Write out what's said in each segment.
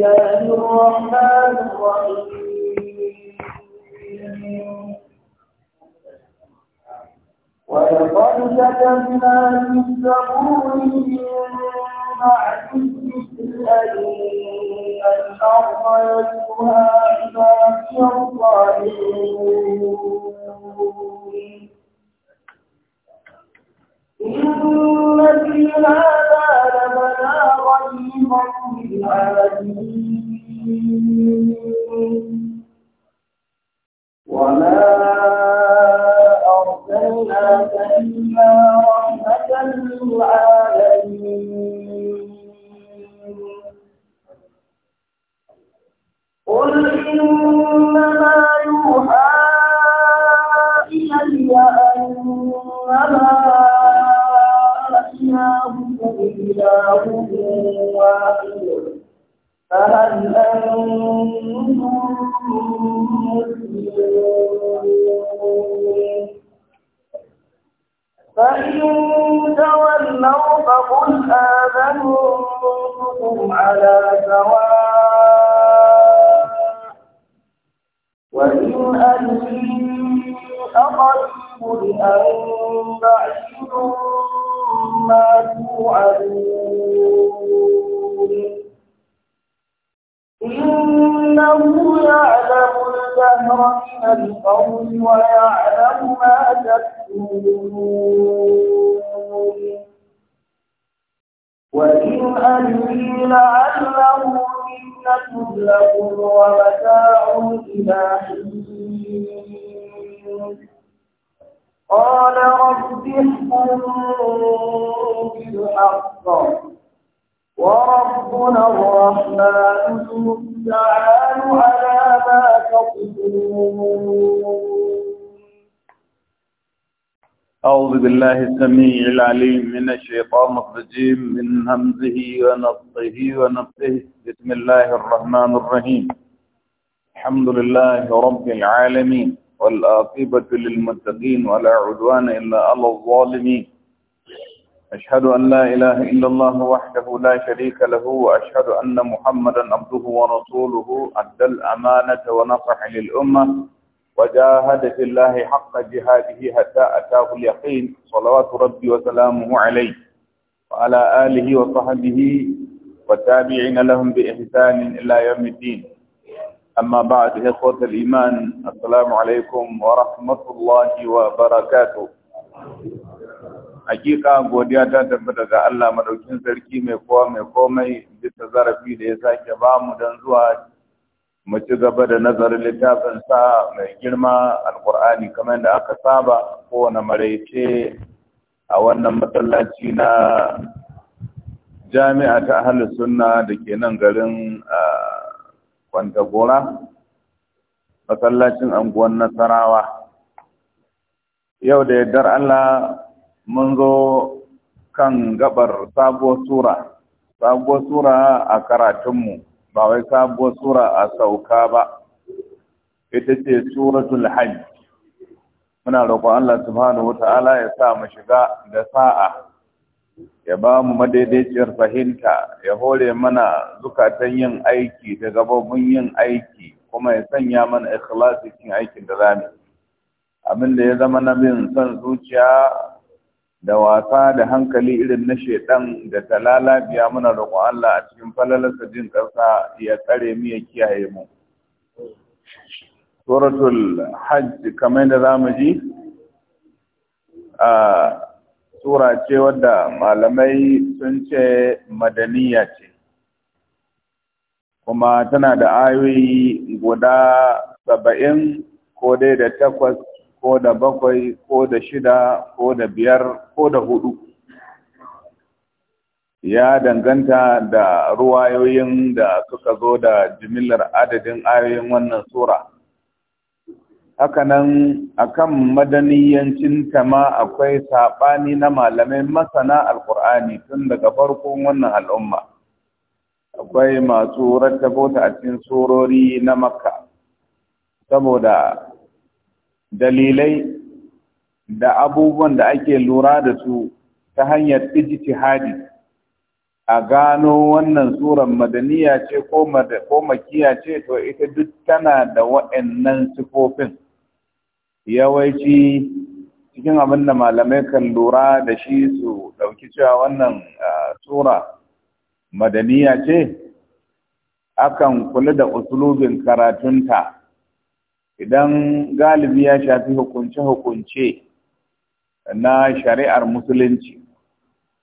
الله الرحمن الرحيم ولقد كتبنا في الزبور من بعد الذكر أن الأرض يتلوها عبادي الصالحون إن في هذا لبلاغا عالمين وما أرسلناك إلا رحمة للعالمين قل إنما يوحى إلي أنما إلهكم إله واحد فهل أنتم فإن تولوا فقل آذنتكم على سواء وإن أدري أقرب أم بعيد ما توعدون إنه يعلم الجهر من القول ويعلم ما تكتمون وإن أدري لعله فتنة لكم ومتاع إلى حين قال رب احكم بالحق وربنا الرحمن المستعان على ما تصفون أعوذ بالله السميع العليم من الشيطان الرجيم من همزه ونفخه ونفخه بسم الله الرحمن الرحيم الحمد لله رب العالمين والآقبة للمتقين ولا عدوان إلا على الظالمين أشهد أن لا إله إلا الله وحده لا شريك له وأشهد أن محمدا عبده ورسوله أدى الأمانة ونصح للأمة وجاهد في الله حق جهاده حتى أتاه اليقين صلوات ربي وسلامه عليه وعلى آله وصحبه والتابعين لهم بإحسان إلى يوم الدين أما بعد إخوة الإيمان السلام عليكم ورحمة الله وبركاته hakika godiya ta tabbata ga Allah madaukin sarki mai kowa mai komai bisa zarafi da ya sake ba mu don zuwa mu ci gaba da nazarin littafin sa mai girma Alqur'ani, kamar da aka saba kowane maraice a wannan masallaci na jami'a ta ahalus sunna da ke nan garin kwantagora masallacin anguwan nasarawa yau da yardar Allah mun zo kan gabar sabuwar sura sabuwar sura a karatunmu ba wai sabuwar sura a sauka ba ita ce suratul hajj muna roƙon Allah subhanahu wata'ala ya sa mu shiga da sa'a ya ba mu madaidaiciyar fahimta ya hore mana zukatan yin aiki da gababun yin aiki kuma ya sanya mana ikhlasi cikin aikin da zamu abin da ya zama na bin son zuciya da wasa da hankali irin na shedan da biya muna roƙo Allah a cikin falalarsa jin ƙasa ya tsare mu ya kiyaye mu suratul hajj kamar da zamu ji a sura ce wadda malamai sun ce madaniya ce kuma tana da ayoyi guda saba'in ko dai da takwas ko da bakwai ko da shida ko da biyar ko da hudu ya danganta da ruwayoyin da suka zo da jimillar adadin ayoyin wannan sura hakanan akan madaniyancin tama akwai saɓani na malamai masana alkur'ani tun daga farkon wannan al'umma akwai masu rattabo ta a cikin surori na makka saboda dalilai da abubuwan da ake lura da su ta hanyar ijtihadi a gano wannan surar madaniya ce ko makiya ce to ita duk tana da wa'annan sifofin yawanci cikin abin da malamai kan lura da shi su ɗauki cewa wannan sura madaniya ce akan kula da usulubin karatunta idan galibi ya shafi hukunce-hukunce na shari'ar musulunci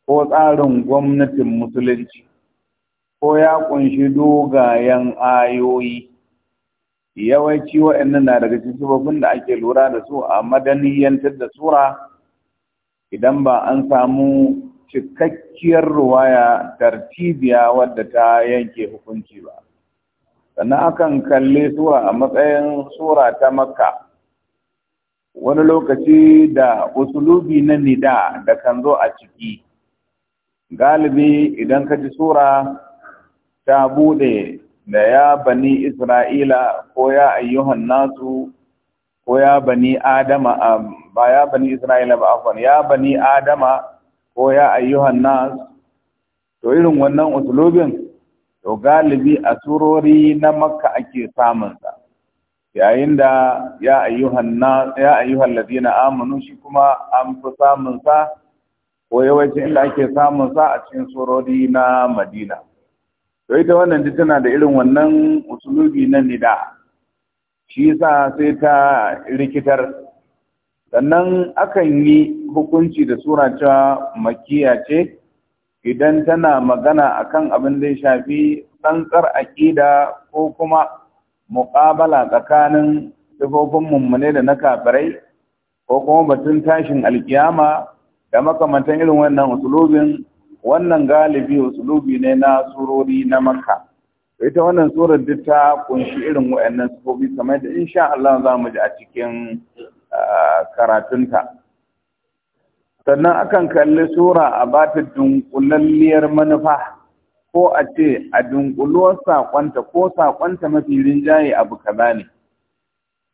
ko tsarin gwamnatin musulunci ko ya kunshi dogayen ayoyi yawanci waɗannan na daga cikin da ake lura da su a madaniyantar da sura idan ba an samu cikakkiyar ruwaya tartibiya wadda ta yanke hukunci ba sannan akan kalli sura a matsayin sura ta makka wani lokaci da usulubi na nida da kan zo a ciki galibi idan ka ji sura ta bude da ya bani isra'ila ko ya ayyuhan nasu ko ya bani adama ba ya bani isra'ila ba afon ya bani adama ko ya ayyuhan nasu, to irin wannan usulubin to galibi a surori na makka ake samunsa yayin da ya ayyuhan na ya ayyuhal amanu shi kuma an fi samunsa ko yawancin inda ake samunsa a cikin surori na madina to ita wannan duk tana da irin wannan usulubi na nida shi yasa sai ta rikitar sannan akan yi hukunci da sura ta makiya ce idan tana magana akan abin da ya shafi tsantsar aƙida ko kuma muƙabala tsakanin sifofin mummune da na kafirai ko kuma batun tashin alkiyama da makamantan irin wannan usulubin wannan galibi usulubi ne na surori na makka ita wannan surar duk ta kunshi irin wa'annan sifofi kamar da insha Allah za mu ji a cikin ah, karatunta sannan akan kalli sura a ba ta dunkulalliyar manufa ko a ce a dunkuluwar saƙonta ko saƙonta mafi rinjaye abu kaza ne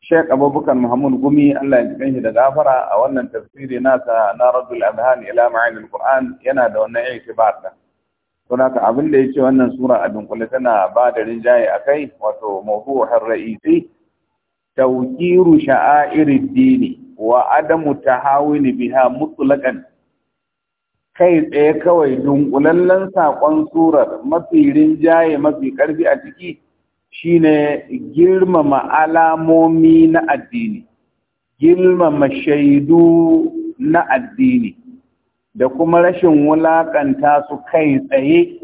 shek Abubakar Muhammad Gumi Allah ya jikin shi da gafara a wannan tafsiri nasa na rabbul Adhan ila Ma'anil Qur'an yana da wannan i'tibar din. To haka abin da yake wannan sura a dunkule tana ba da rinjaye akai wato mawdu'ur ra'isi tawqiru sha'airid dini wa adamu tahawili biha mutlaqan kai tsaye kawai dunkulallen saƙon surar mafi rinjaye mafi ƙarfi a ciki shine girmama alamomi na addini girmama shaidu na addini da kuma rashin wulaƙanta su kai tsaye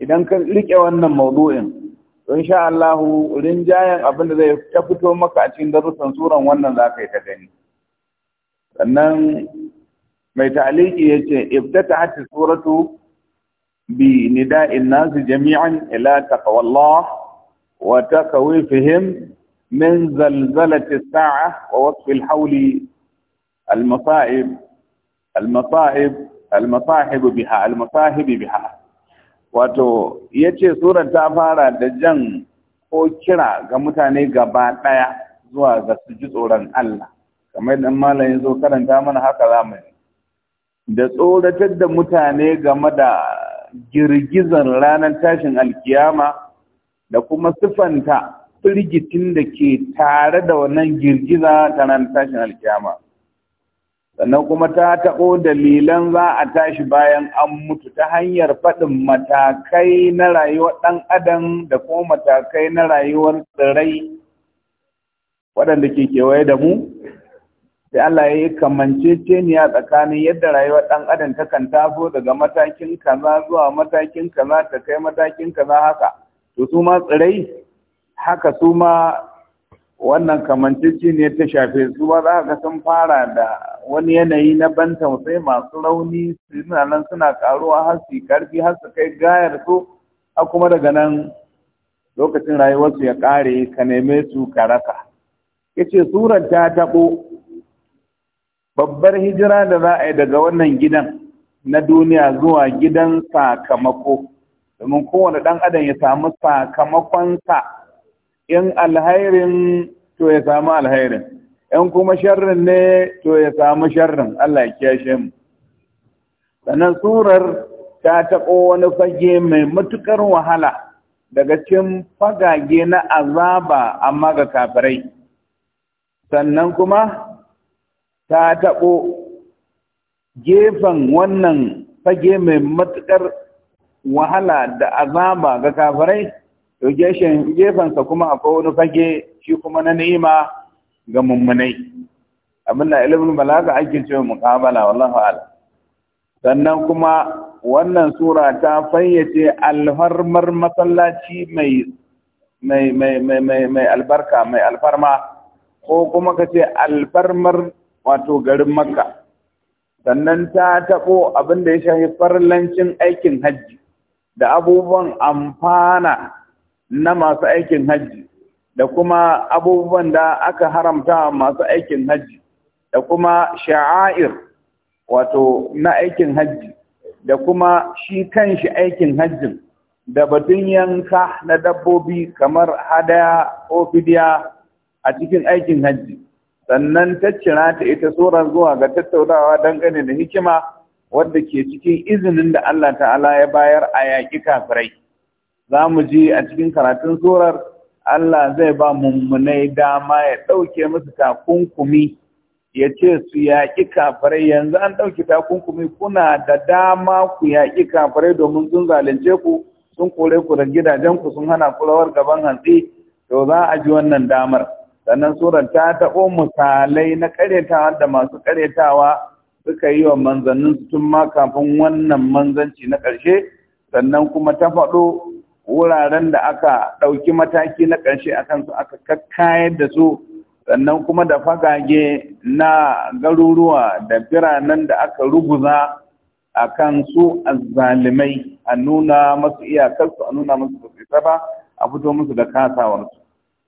idan ka riƙe wannan mawdu'in insha Allah rinjayen abin da zai ta fito maka a cikin darussan suran wannan za ka yi ta gani sannan mai ta'aliki ya ce ibtata hati suratu bi nida'in nasu jami'an ila taqwallah wa takawifihim min zalzalati sa'a wa wasfi al-hawli al-masa'ib al-masa'ib al-masahib biha al-masahib biha wato ya ce surar ta fara da jan ko kira ga mutane gaba ɗaya zuwa ga su ji tsoron Allah kamar dan malam ya zo karanta mana haka zamani da tsoratar da mutane game da girgizar ranar tashin alkiyama da kuma sifanta firgitin da ke tare da wannan girgiza ta ranar tashin alkiyama sannan kuma ta taɓo dalilan za a tashi bayan an mutu ta hanyar faɗin matakai na rayuwar ɗan adam da kuma matakai na rayuwar tsirrai waɗanda ke kewaye da mu sai Allah ya yi kamanceceniya tsakanin yadda rayuwar ɗan adam ta takan taso daga matakin kaza zuwa matakin kaza ta kai matakin kaza haka to su ma tsirai haka su ma wannan kamanceci ta shafe su ba za ka sun fara da wani yanayi na ban tausayi masu rauni suna nan suna karuwa har su karfi har su kai gayar su a kuma daga nan lokacin rayuwarsu ya kare ka neme su ka rasa yace surar ta tabo babbar hijira da za a yi daga wannan gidan na duniya zuwa gidan sakamako domin kowane ɗan adam ya samu sakamakonsa in alhairin to ya samu alhairin Yan kuma sharrin ne to ya samu sharrin Allah ya kiyashe mu sannan surar ta taɓo wani fage mai matuƙar wahala daga cikin fagage na azaba amma ga kafirai sannan kuma ta taɓo gefen wannan fage mai matuƙar wahala da azaba ga kafirai to gefensa kuma akwai wani fage shi kuma na ni'ima ga mummunai abin na ilimin balaga ake cewa muqabala wallahu sannan kuma wannan sura ta fayyace alfarmar masallaci mai albarka mai alfarma ko kuma ka ce alfarmar wato garin makka sannan ta taɓo abinda ya shafi farlancin aikin hajji da abubuwan amfana na masu aikin hajji da kuma abubuwan da aka haramta masu aikin hajji da kuma sha'air wato na aikin hajji da kuma shi kanshi aikin hajjin da batun yanka na dabbobi kamar hadaya ko fidiya a cikin aikin hajji sannan ta cira ta ita tsoron zuwa ga tattaunawa dangane da hikima wadda ke cikin izinin da Allah ta'ala ya bayar a yaƙi kafirai za mu ji a cikin karatun tsoron. Allah zai ba mummunai dama ya ɗauke musu takunkumi ya ce su yaƙi kafirai yanzu an ɗauki takunkumi kuna da dama ku yaƙi kafirai domin sun zalunce ku sun kore ku da gidajen ku sun hana kulawar gaban hantsi to za a ji wannan damar sannan surar ta taɓo misalai na karyatawa da masu karyatawa suka yi wa manzannin su tun ma kafin wannan manzanci na ƙarshe sannan kuma ta faɗo wuraren da aka ɗauki mataki na ƙarshe a kansu aka kakkayar da su sannan kuma da fagage na garuruwa da biranen da aka ruguza a kan su azzalimai a nuna masu iyakarsu a nuna masu sosai ba a fito musu da kasawarsu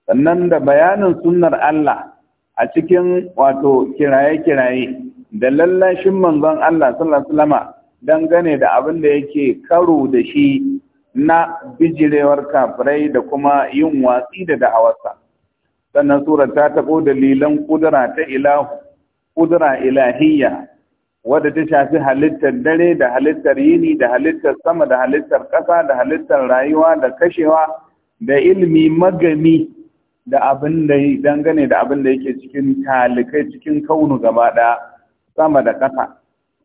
sannan da bayanin sunnar Allah a cikin wato kiraye-kiraye da lallashin manzon Allah sallallahu alaihi wasallama dangane da abin da yake karo da shi na bijirewar kafirai da kuma yin watsi da da'awarsa sannan surar ta taɓo dalilan kudura ta ilahu kudura ilahiyya wadda ta shafi halittar dare da halittar yini da halittar sama da halittar ƙasa da halittar rayuwa da kashewa da ilmi magami da abin da dangane da abin da yake cikin talikai cikin kaunu gaba ɗaya sama da ƙasa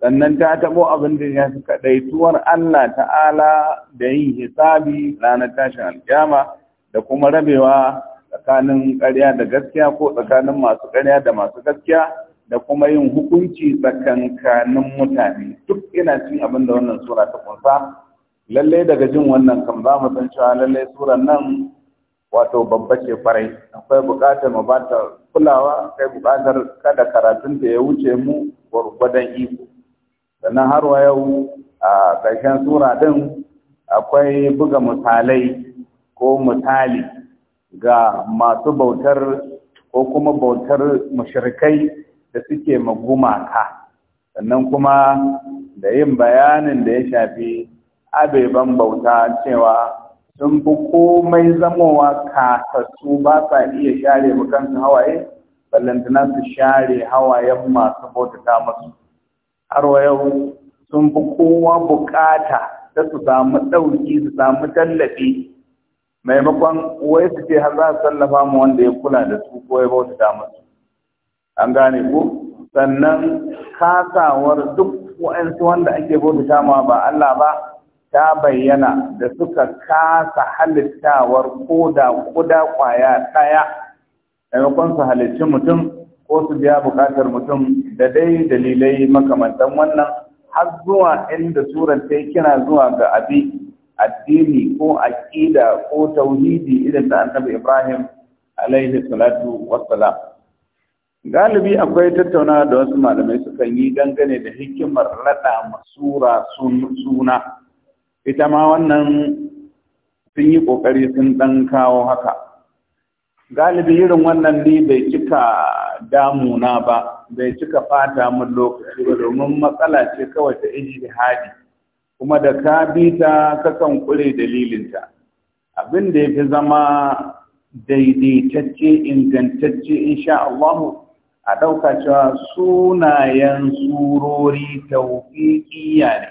sannan ta taɓo abin da ya fi kaɗaituwar Allah ta'ala da yin hisabi ranar tashin alkyama da kuma rabewa tsakanin ƙarya da gaskiya ko tsakanin masu ƙarya da masu gaskiya da kuma yin hukunci tsakankanin mutane duk ina cin abin da wannan sura ta kunsa lalle daga jin wannan kan za mu san cewa lalle suran nan wato babba ce farai akwai buƙatar mu ba ta kulawa akwai buƙatar kada karatun da ya wuce mu gwargwadon iko sannan har wa yau a ƙarshen sura ɗin akwai buga misalai ko misali ga masu bautar ko kuma bautar mashirkai da suke magumaka sannan kuma da yin bayanin da ya shafi abeban bauta cewa sun fi komai zamowa kasassu ba sa iya share bukansu hawaye ballantana su share hawayen masu bautata masu har yau sun fi kowa bukata da su samu ɗauki su samu tallafi maimakon wai su ce har za su tallafa mu wanda ya kula da su ko ya bauta da musu an gane ko sannan kasawar duk wa'ansu wanda ake bauta ma ba Allah ba ta bayyana da suka kasa halittawar koda koda kwaya ɗaya maimakon su halicci mutum ko su biya buƙatar mutum da dai dalilai makamantan wannan har zuwa inda surar ta kira zuwa ga abi addini ko aƙida ko tauhidi irin da annabi Ibrahim alaihi salatu wassalam galibi akwai tattaunawa da wasu malamai sukan yi dangane da hikimar raɗa sura suna ita ma wannan sun yi ƙoƙari sun ɗan kawo haka galibi irin wannan ni bai cika damuna ba bai cika fata mun lokaci ba domin matsala ce kawai ta ijtihadi kuma da ka bi ta kakan kure dalilinta abin da yafi zama daidaitacce ingantacce insha Allah a ɗauka cewa sunayen surori tauƙiƙiya ne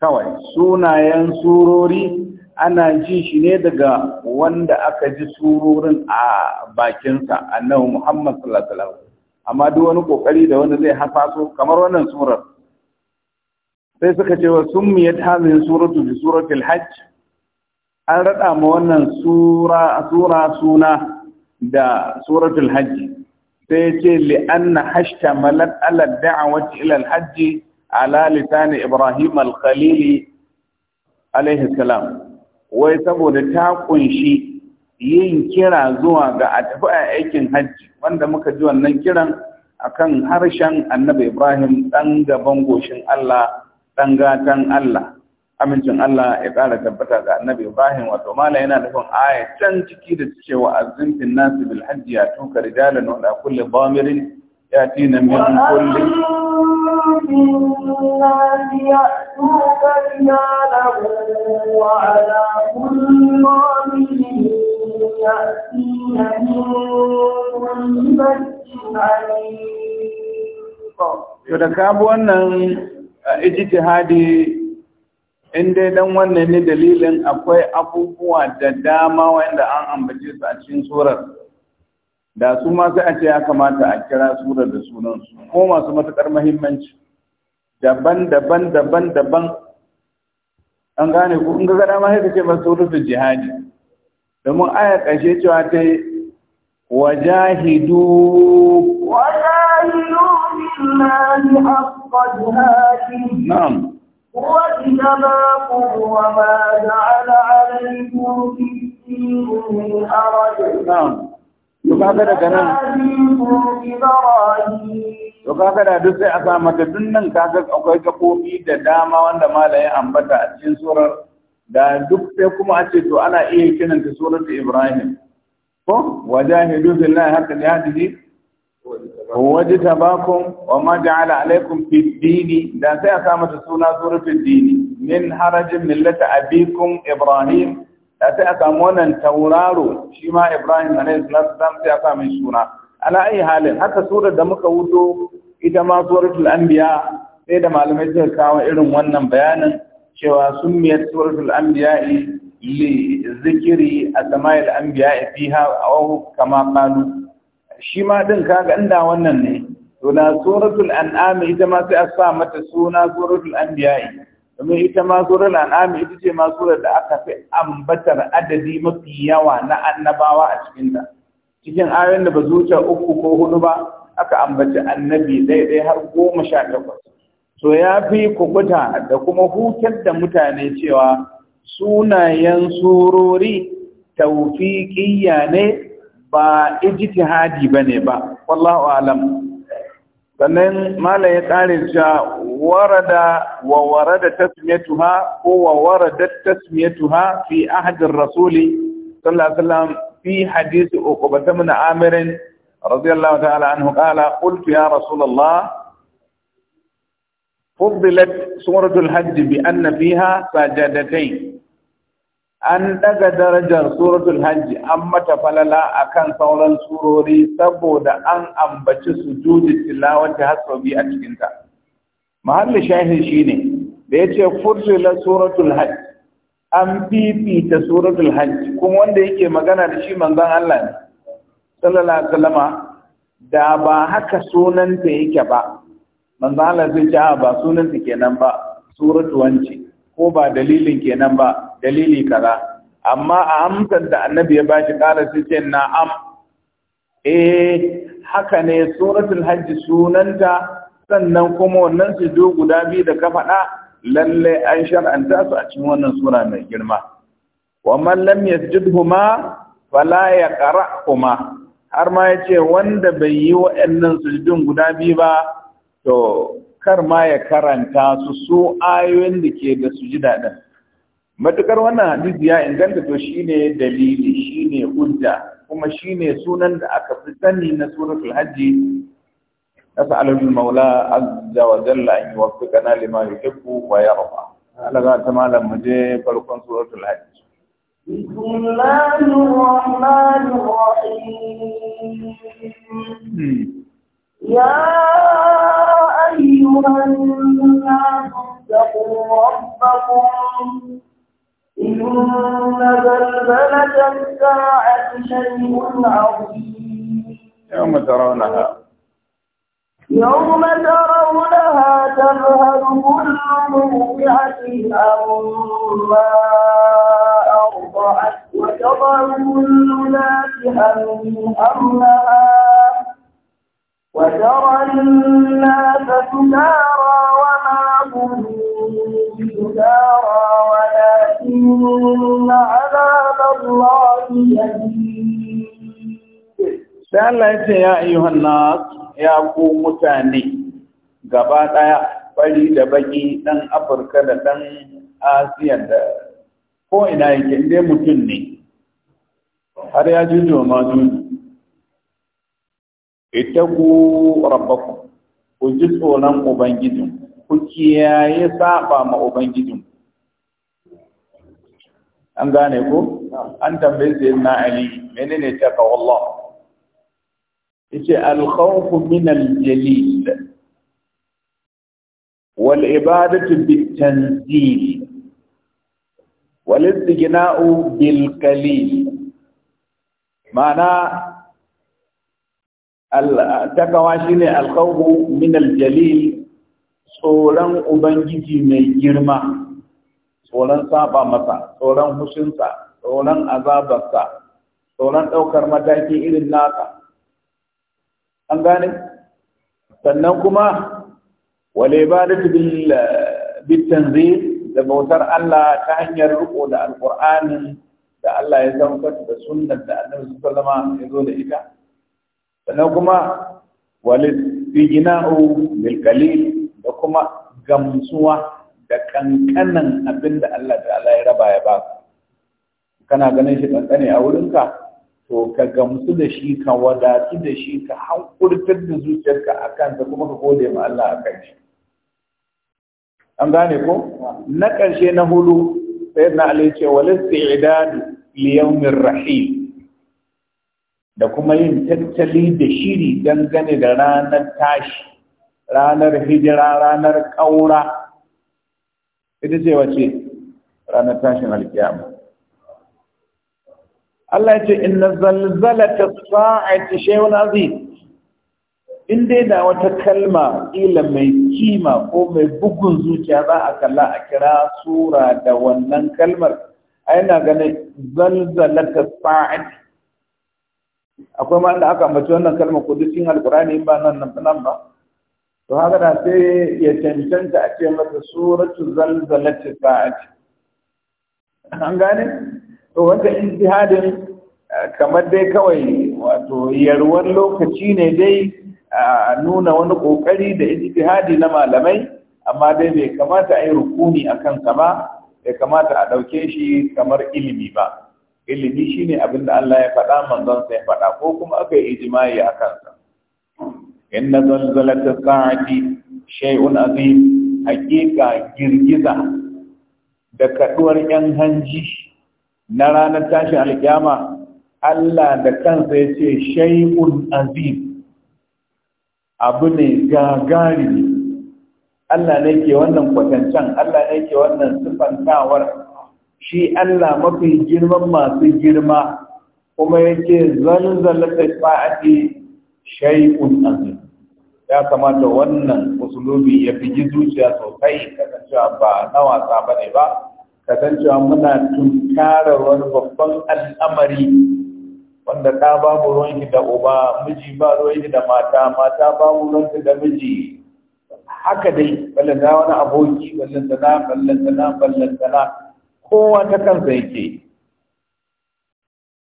kawai sunayen surori ana ji shi ne daga wanda aka ji surorin a bakinsa annabi Muhammad sallallahu alaihi wasallam amma duk wani kokari da wanda zai hasaso kamar wannan surar sai suka ce wa summiyat hadhihi suratu bi surati al-hajj an rada ma wannan sura sura suna da suratul hajj sai ce li anna hashta malat ala da'wati ila al-hajj ala lisan ibrahim al-khalili salam wai saboda ta kunshi yin kira zuwa ga a tafi a aikin hajji wanda muka ji wannan kiran akan harshen annabi ibrahim ɗan gaban goshin allah ɗan gatan allah amincin allah ya ƙara tabbata ga annabi ibrahim wato mala yana nufin aya can ciki da cewa azinfin nasu bil hajji ya tuka rijalan wa kulli bamirin ya tina min kulli بالناس da ka bi wannan uh, ijtihadi in dai dan wannan ne dalilin akwai abubuwa da dama wanda an ambace su a cikin surar da su ma sai a ce ya kamata a kira surar da sunansu ko masu matuƙar muhimmanci. daban-daban daban-daban an gane ku in ga dama sai kace ce ba suratul jihadi domin aya kashe cewa ta yi wajahidu wajahidu billahi haqqa jihadi na'am هو إجاباكم وما جعل عليكم في الدين من حرج نعم يبقى بدأ كلام إبراهيم to kaga da duk sai a sa mata duk nan kaga akwai gaɓoɓi da dama wanda malamin ambata a cikin surar da duk sai kuma a ce to ana iya kiranta surar Ibrahim ko wajahidu billahi haqqa jihadihi wajtabakum wa ma ja'ala alaykum fi dini da sai a sa mata suna suratul dini min harajin millata abikum Ibrahim da sai a samu wannan tauraro shi ma Ibrahim alayhi salam sai a sa mai suna ala ayi halin haka surar da muka wuto ita ma suratul anbiya sai da malamai suka kawo irin wannan bayanin cewa summiyat suratul anbiya li zikiri asma'il anbiya fiha aw kama qalu shi ma din kaga inda wannan ne to na suratul an'am ita ma sai a mata suna suratul anbiya domin ita ma suratul an'am ita ce ma surar da aka fi ambatar adadi mafi yawa na annabawa a cikin ta cikin ayoyin da ba zuciya uku ko hudu ba aka ambaci annabi ɗaya har goma sha takwas to ya fi kukuta da kuma hutar da mutane cewa sunayen surori taufiƙiyya ne ba ijtihadi ba ne ba wallahu alam sannan Malam ya ƙare cewa warada wa warada tasmiyatuha ko wa warada tasmiyatuha fi ahadin rasuli sallallahu alaihi wasallam في حديث أقبة بن عامر رضي الله تعالى عنه قال قلت يا رسول الله فضلت سورة الحج بأن فيها سجدتين an daga darajar suratul hajji an mata falala a kan sauran surori saboda an ambaci sujudi tilawati har sau biyu a cikinta mahallin shahin shine da ya ce fursila suratul hajji an fifita suratul hajj kuma wanda yake magana da shi manzon Allah ne sallallahu alaihi wasallama da ba haka sunanta yake ba manzon Allah zai ce ba sunanta kenan ba suratu wance ko ba dalilin kenan ba dalili kaza amma a amsar da annabi ya bashi kala sai ce na'am eh haka ne suratul hajj sunanta sannan kuma wannan su guda biyu da ka faɗa lalle an shar'anta su a cikin wannan sura mai girma wa man lam yasjudhuma fala yaqra'huma har ma yace wanda bai yi waɗannan sujudun guda biyu ba to kar ma ya karanta su su ayoyin da ke da sujuda din matukar wannan hadisi ya inganta to shine dalili shine hujja kuma shine sunan da aka fi sani na suratul hajji أسأل المولى عز وجل أن يوفقنا لما يحب ويرضى لغا تمالا مجيب فلقن سورة الحج بسم الله الرحمن الرحيم يا أيها الناس اتقوا ربكم إن زلزلة الساعة شيء عظيم يوم ترونها يوم ترونها تذهب كل مرضعة أما أرضعت وتضع كل ذات حمل حملها وترى الناس سكارى وما هم سكارى ولكن عذاب الله يزيد سألت يا أيها الناس ya ku mutane gaba ɗaya fari da baki ɗan afirka da ɗan asiya da ko ina yake inda mutum ne har ya ji ma juju ita ku rabbaku ku ji tsoron ubangijin ku kiyaye saba ma ubangijin an gane ko an tambaye na ali menene taqwa Allah yace al-khawfu min al-jalil wal ibadatu bit-tanzil wal istighna'u bil qalil ma'ana takawa shine alkhawfu min aljalil tsoron ubangiji mai girma tsoron saba masa tsoron hushinsa tsoron azabarsa tsoron ɗaukar mataki irin naka an gane sannan kuma wale ba da zai da bautar Allah ta hanyar riko da alƙur'ani da Allah ya saukar da sunan da annabi sallama ya zo da ita sannan kuma wale tijina'u bil da kuma gamsuwa da kankanan abinda Allah ya raba ya ba kana ganin shi kankane a wurinka to ka gamsu da shi ka wadatu da shi ka hankurtar da zuciyarka a kanta kuma ka gode ma Allah a kan shi an gane ko na ƙarshe na hulu sai na Ali ce wal li yawmir rahim da kuma yin tattali da shiri dangane da ranar tashi ranar hijira ranar ƙaura ita ce wace ranar tashin alkiyama Allah ya ce inna zalzalata sa'ati shay'un azim in dai da wata kalma ila mai kima ko mai bugun zuciya za a kalla a kira sura da wannan kalmar ai na ganin zalzalata sa'ati akwai ma da aka ambaci wannan kalmar ko cikin ba nan nan ba to haka da sai ya cancanta a ce masa suratu zalzalati sa'ati an gane to wanda ijtihadin kamar dai kawai wato yarwar lokaci ne dai a nuna wani kokari da ijtihadi na malamai amma dai bai kamata a yi rukuni a kansa ba bai kamata a ɗauke shi kamar ilimi ba ilimi shine abin da Allah ya faɗa manzon sa ya faɗa ko kuma aka yi ijma'i a kansa inna zalzalatis sa'ati shay'un azim hakika girgiza da kaduwar yan hanji na ranar tashin alkiyama Allah da kansa ya ce shay'un azim abu ne gagari Allah ne ke wannan kwatancan Allah ne ke wannan sifantawar shi Allah mafi girman masu girma kuma ya ce zalzalata fa'adi shay'un azim ya kamata wannan musulmi ya fi zuciya sosai kasancewa ba na wasa ba ne ba cewa muna tunkara wani babban al'amari wanda ta babu ruwanki da uba miji ba ruwanki da mata mata babu ruwanki da miji haka dai za wani aboki ballantana ballantana ballantana kowa ta kansa yake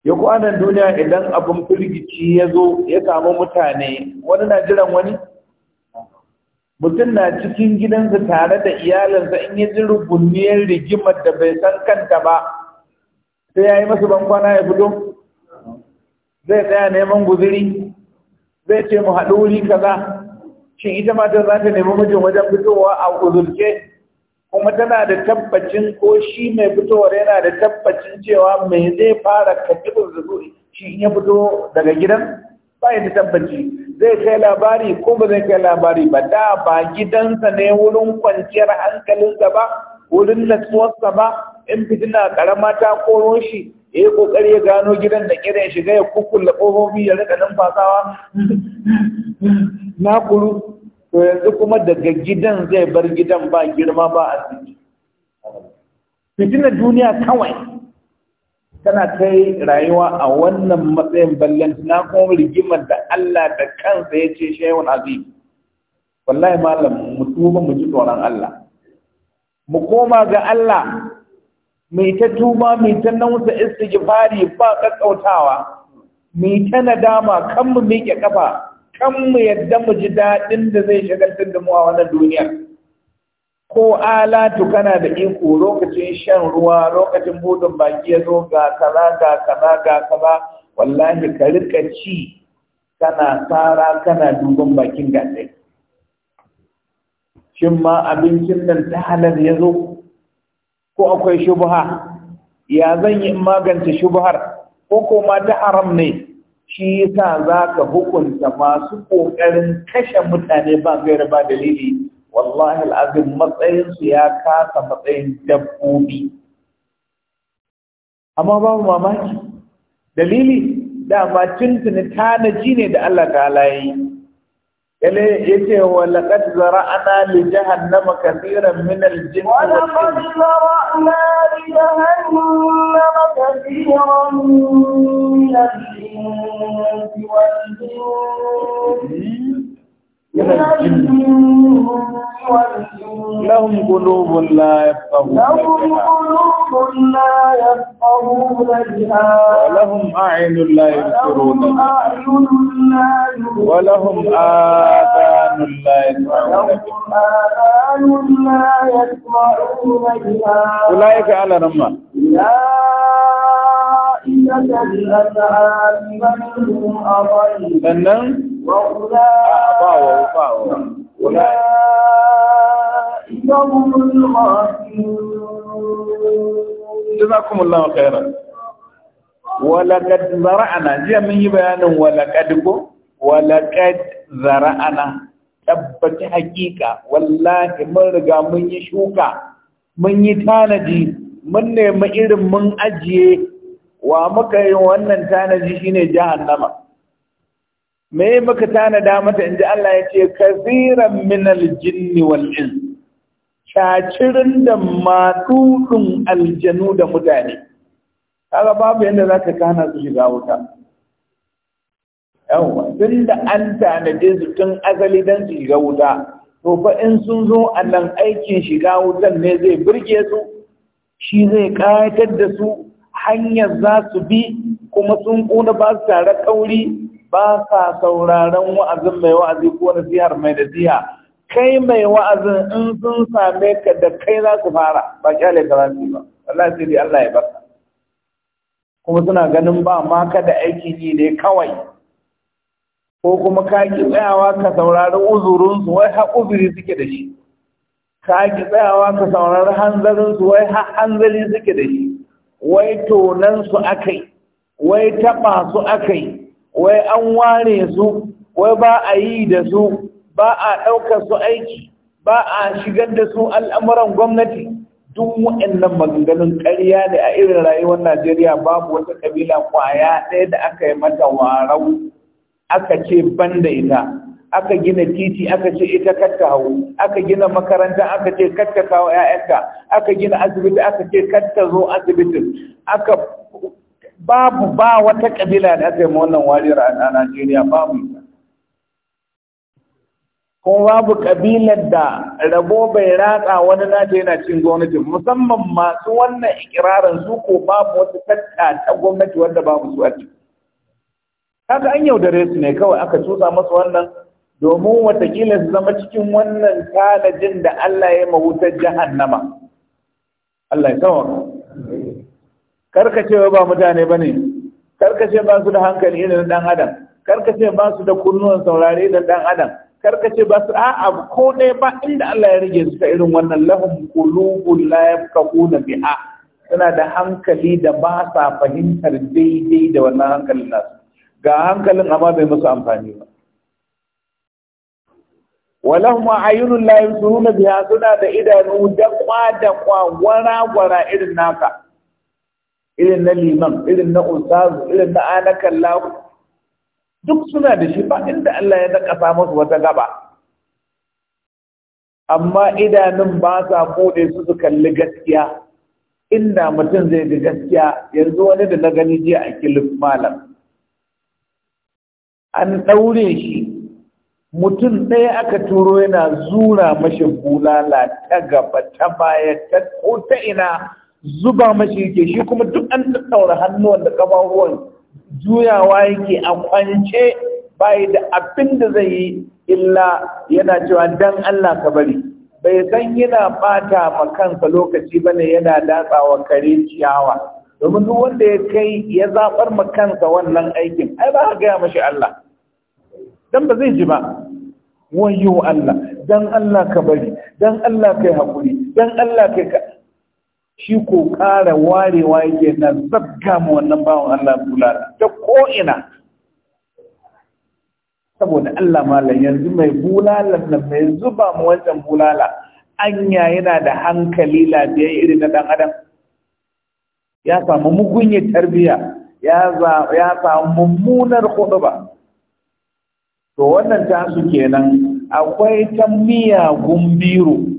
ya kwanan duniya idan abin firgici ya zo ya samu mutane wani na jiran wani mutum na cikin gidansa tare da iyalinsa in yi ji rubunniyar rigimar da bai san kanta ba sai ya yi masu bankwana ya fito zai tsaya neman guziri zai ce mu haɗu wuri kaza shin ita mata za ta nemi mijin wajen fitowa a uzurce kuma tana da tabbacin ko shi mai fitowar yana da tabbacin cewa mai zai fara kaɗi uzuri shi in ya fito daga gidan ba da tabbaci zai kai labari ko ba zai kai labari ba da ba gidansa ne wurin kwanciyar hankalinsa ba wurin natsuwarsa ba in fitina karama ta koro shi ya yi kokari ya gano gidan da kiran shiga ya kukula ƙofofi ya rika numfasawa na kuru to yanzu kuma daga gidan zai bar gidan ba girma ba a fitina duniya kawai tana kai rayuwa a wannan matsayin ballen na kuma rigimar da Allah da kansa ya ce shayun azim wallahi malam mu tuba mu ji tsoron Allah mu koma ga Allah mai ta tuba mai ta nausa istighfari ba kakkautawa mai ta nadama kan mu miƙe kafa kan mu yadda mu ji daɗin da zai shagaltar da mu a wannan duniyar ko alatu kana da iko lokacin shan ruwa lokacin budin baki ya zo ga kaza ga kaza ga kaza wallahi ka rika ci kana tsara kana duban bakin gatsai shin ma abincin nan ta halar ya zo ko akwai shubha ya zan yi magance shubhar ko kuma ta haram ne shi yasa za ka hukunta masu ƙoƙarin kashe mutane ba gaira ba dalili wallahi al'azim matsayinsu ya kasa matsayin dabbobi amma babu mamaki dalili dama tuntuni tanaji ne da Allah ta halaye yale ce wa laqad zara'na li jahannama kaseeran min al-jinn wa لا يفقهون لهم قلوب لا يفقهون بها ولهم أعين لا يبصرون بها ولهم آذان لا يسمعون بها أولئك على رمى أولئك الأنعام بل هم أضل هم الغافلون جزاكم الله خيرا ولقد زرعنا جاء من بيان ولقد ولقد زرعنا tabbaci hakika wallahi mun riga mun yi shuka mun yi tanaji mun nemi irin mun ajiye wa muka yi wannan tanaji shine jahannama me muka tanada mata inji Allah ya ce kaziran minal jinni wal ins kacirin da maɗuɗin aljanu da mutane kaga babu yadda za ka kana su shiga wuta Yau, tun da an tanade su tun asali don su shiga wuta to fa in sun zo a nan aikin shiga wutan ne zai birge su shi zai ƙayatar da su hanyar za su bi kuma sun ƙuna ba su tare kauri ba sa sauraron wa'azin mai wa'azi ko nasihar mai nasiha kai mai wa'azin in sun same ka da kai za su fara ba kyale ka za su ba Allah sai dai Allah ya barka kuma suna ganin ba ma ka da aiki yi ne kawai ko kuma ka ki tsayawa ka saurari uzurinsu wai ha uzuri suke da shi ka ki tsayawa ka saurari hanzarinsu wai ha hanzari suke da shi wai tonan su akai wai taba su akai wai an ware su wai ba a yi da su ba a ɗaukar su aiki ba a shigar da su al'amuran gwamnati duk waɗannan maganganun ƙarya ne a irin rayuwar Najeriya babu wata ƙabila kwaya ɗaya da aka yi mata warau aka ce ban da ita aka gina titi aka ce ita katta hau aka gina makaranta aka ce katta kawo ‘ya'yanka aka gina asibiti aka ce katta zo asibitin aka babu ba wata ƙabila da aka yi wannan wariyar a Najeriya babu ita kuma babu kabilar da rabo bai ratsa wani nata yana cin gwamnati musamman masu wannan ikirarin su ko babu wata tatta ta gwamnati wanda babu su a kaga an yaudare su ne kawai aka cusa masu wannan domin watakila su zama cikin wannan tanajin da Allah ya mahutar jahannama Allah ya sawa karkacewa ba mutane bane karkace ba su da hankali irin dan adam karkace ba su da kunnuwan saurare da dan adam karka ce ba su a'a ko ɗaya ba inda Allah ya rage su ta irin wannan lahum qulubun la yafqahuna biha suna da hankali da ba sa fahimtar daidai da wannan hankalin nasu ga hankalin amma bai musu amfani ba walahum ayunun la na biya suna da idanu da kwa da kwa wara irin naka irin na liman irin na irin na anakan duk suna da shi ba inda Allah ya nakasa musu wata gaba amma idanun ba sa buɗe su su kalli gaskiya inda mutum zai ga gaskiya yanzu wani da na gani jiya a kilif malam an ɗaure shi mutum ɗaya aka turo yana zura mashi bulala ta gaba ta baya ta ko ta ina zuba mashi yake shi kuma duk an ɗaura hannuwan da ƙafafuwan. juyawa yake a kwance bai da abin da zai yi illa yana cewa dan Allah ka bari bai san yana bata ma kansa lokaci bane yana datsawa kare ciyawa domin duk wanda ya kai ya zabar ma kansa wannan aikin ai ba ga gaya mashi Allah dan ba zai ji ba wayyo Allah dan Allah ka bari dan Allah kai hakuri dan Allah kai shi ko ƙara warewa yake na zabga ma wannan bawan Allah bulala ta ko'ina saboda Allah malam yanzu mai bulala na mai zuba ma wancan bulala anya yana da hankali lafiya irin na ɗan adam ya samu mugunye tarbiya ya samu mummunar ba. to wannan tasu kenan akwai ta miyagun biro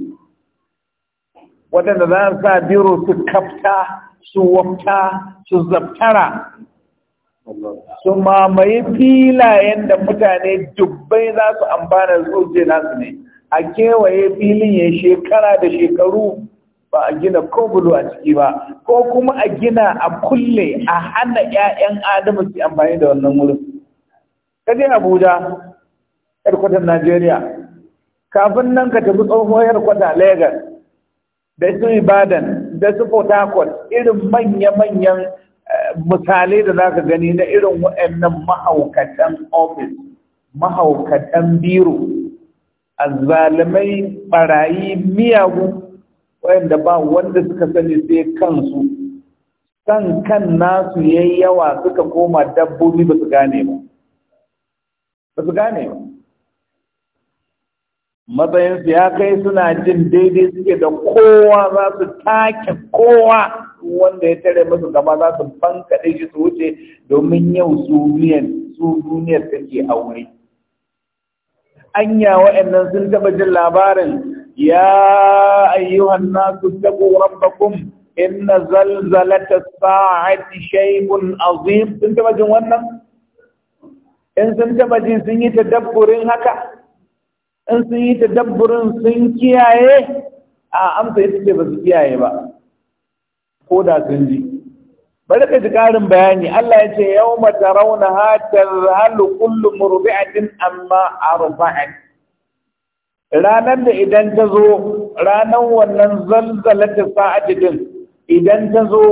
waɗanda za sa biro su kafta su wafta su zabtara su mamaye filayen da mutane dubbai za su amfana zuce nasu ne a kewaye filin ya shekara da shekaru ba a gina kobulu a ciki ba ko kuma a gina a kulle a hana 'ya'yan adamu su amfani da wannan wurin kaje abuja kwatar najeriya kafin nan ka tafi tsohuwar yarkwata lagos da su Ibadan da su Port irin manya-manyan eh, misalai da za ka gani na irin waɗannan mahaukatan ofis mahaukatan biro azzalamai barayi miyagu waɗanda ba wanda suka sani sai kansu san kan nasu yayi yawa suka koma dabbobi ba su gane ba ba su gane ba matsayinsu ya kai suna jin daidai suke da kowa za su take kowa wanda ya tare musu gaba za su da shi su wuce domin yau su duniyar take aure anya wa'annan sun taba jin labarin ya ayyuhan nasu tabu rabbakum inna zalzalata sa'ati shay'un azim sun taba jin wannan in sun taba jin sun yi tadabburin haka in sun yi ta dabburin sun kiyaye a amsa ita ce ba su kiyaye ba ko da sun ji bari ka ji karin bayani Allah ya ce yau mata rauna hatar halu kullum murbi'atin amma a rufa'in ranar da idan ta zo ranar wannan zalzalata sa'ati din idan ta zo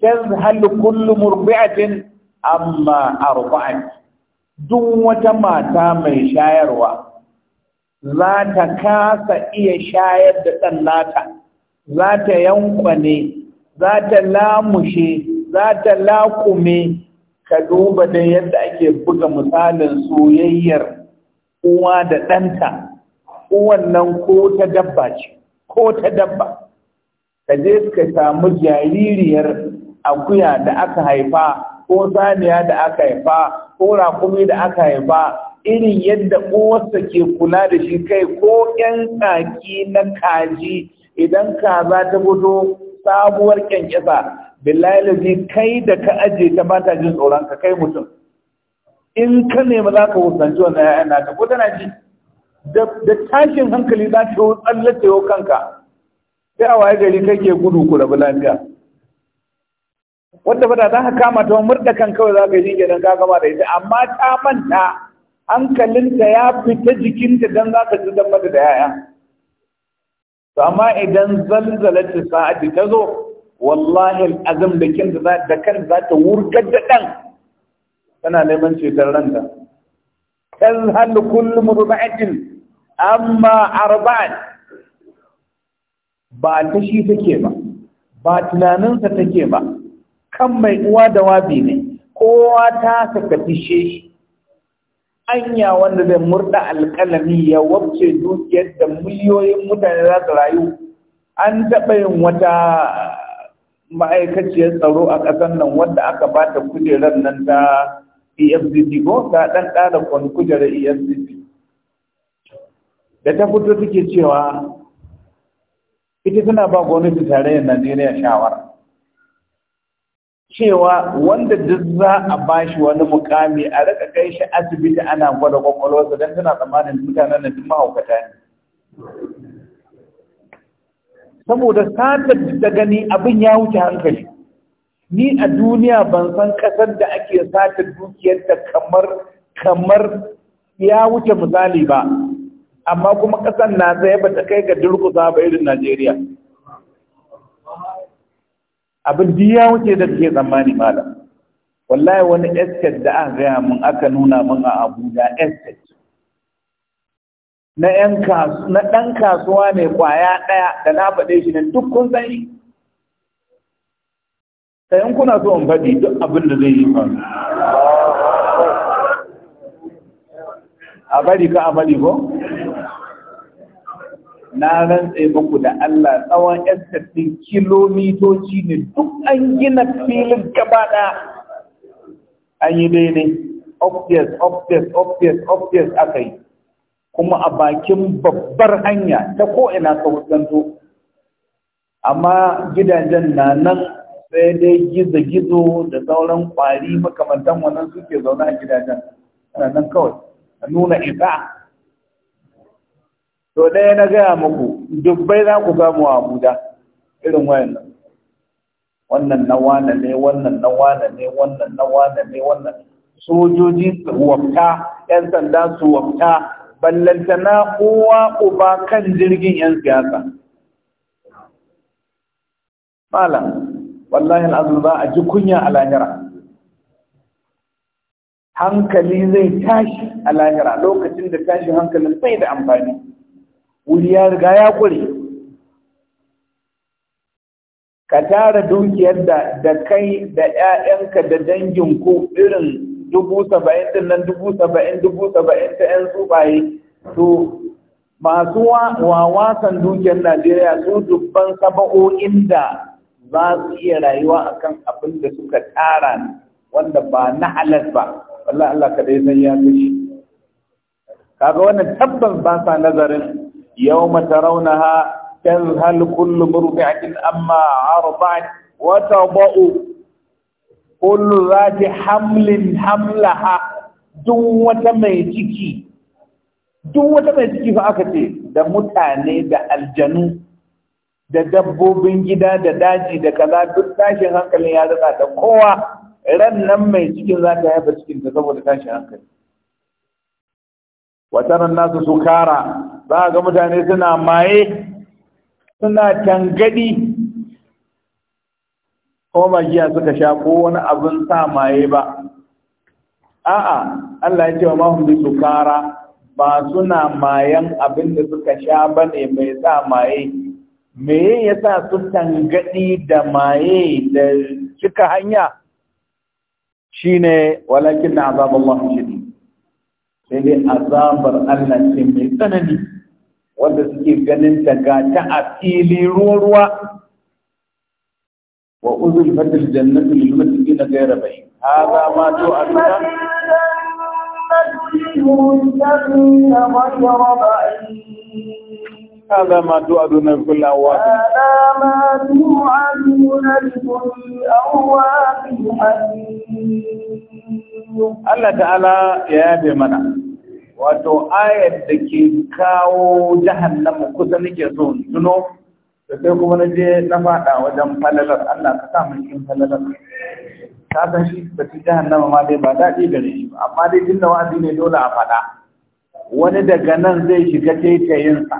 ta halu kullum murbi'atin amma a rufa'in duk wata mata mai shayarwa za ta kasa iya shayar da ɗan lata za ta yankwane za ta lamushe za ta lakume ka duba da yadda ake buga misalin soyayyar uwa da ɗanta uwan nan ko ta dabba ce ko ta dabba ka je ka samu jaririyar akuya da aka haifa ko saniya da aka haifa ko rakumi da aka haifa irin yadda uwarsa ke kula da shi kai ko ƴan tsaki na kaji idan kaza ta fito sabuwar kyankyasa billahi lazi kai da ka aje ta ba ta jin tsoron ka kai mutum in ka nema za ka husanci wannan ya'yan nata ko tana ji da tashin hankali za ta yi tsallacewa kanka sai a waye gari kai ke gudu ku rabu lafiya wadda fada za ka kama ta murda kan kawai za ka yi shi kenan ka gama da ita amma ta manta hankalinta ya fita jikinta don za ka ci zama da yaya to amma idan ta sa'adi ta zo wallahi azam da kin da kan za ta wurgar da dan tana neman ceton ranta tazhal kullu murba'atin amma arba'at ba ta shi take ba ba tunaninsa take ba kan mai uwa da wabi ne kowa ta saka fishe shi anya wanda zai murda alƙalami ya wabce dukiyar da miliyoyin mutane za su rayu an taɓa yin wata ma'aikaciyar tsaro a ƙasar nan wadda aka ba ta kujerar nan ta efcc ko ta ɗan ɗara kwan kujerar efcc da ta fito take cewa ita tana ba gwamnati tarayyar najeriya shawara cewa wanda duk za a bashi wani mukami a raka kai shi asibiti ana gwada kwakwalwarsa don tana tsammanin mutanen da duk mahaukata ne saboda satar da gani abin ya wuce hankali ni a duniya ban san ƙasar da ake satar dukiyarta kamar kamar ya wuce misali ba amma kuma ƙasar na zai ba ta kai ga durkusa ba irin najeriya abin ya wuce da ke tsammani malam wallahi wani estate da aka gaya mun aka nuna mun a abuja estate na ɗan kasuwa ne kwaya ɗaya da na faɗe shi ne duk kun sani sayan kuna so in faɗi duk abin da zai yi faru a bari ka a bari ko na rantse muku da Allah tsawon ɗin kilomitoci ne duk an gina filin gaba an yi daidai obvious obvious obvious obvious aka yi kuma a bakin babbar hanya ta ko'ina ka huskanto amma gidajen na nan sai dai gizo-gizo da sauran kwari makamantan wannan suke zaune a gidajen nan kawai nuna isa to ɗaya na gaya muku dubbai za ku samu a abuja irin wayannan wannan na wane ne wannan na wane ne wannan na wane ne wannan sojoji su wafta yan sanda su wafta na kowa uba kan jirgin yan siyasa malam wallahi al'azim za a ji kunya a lahira hankali zai tashi a lahira lokacin da tashin hankalin bai da amfani wuri ya riga ya kure ka tara dukiyar da da kai da 'ya'yanka da dangin ku irin dubu saba'in din nan dubu saba'in dubu saba'in ta 'yan tsubaye to masu wawasan dukiyar najeriya su dubban saba'o'in da za su iya rayuwa akan abin da suka tara wanda ba na halar ba wallah Allah kadai san ya kashi kaga wannan tabbas ba sa nazarin Yau yawma tarawnaha tazhal kullu murbi'atin amma arba'at wa tadau kullu zati hamlin hamlaha duk wata mai duk wata mai ciki fa aka ce da mutane da aljanu da dabbobin gida da daji da kaza duk tashin hankalin ya zata da kowa ran nan mai cikin za ta haifa cikin ta saboda tashin hankali wataran nasu sukara Za a ga mutane suna maye suna tangadi ko ba suka sha ko wani abin sa maye ba a'a Allah ya ce wa mahum bi sukara ba suna mayan abin da suka sha ba ne mai sa maye me yasa su tangadi da maye da cika hanya shine walakin azabullahi shidi sai dai azabar Allah ce mai tsanani wanda suke ganin ta ta a fili ruwa-ruwa wa uzul fatil jannatu lil muttaqina ghayra bay hadha ma to adna هذا ما توعدون لكل أواب هذا ما توعدون لكل أواب حكيم الله تعالى يا بمنا wato ayar da ke kawo jahannama kusa nake so tuno da sai kuma na je na faɗa wajen falalar Allah ka sa mun cikin falalar ka san shi su ci jahannama ma dai ba daɗi gare shi amma dai tunda wa'azi ne dole a faɗa wani daga nan zai shiga taitayinsa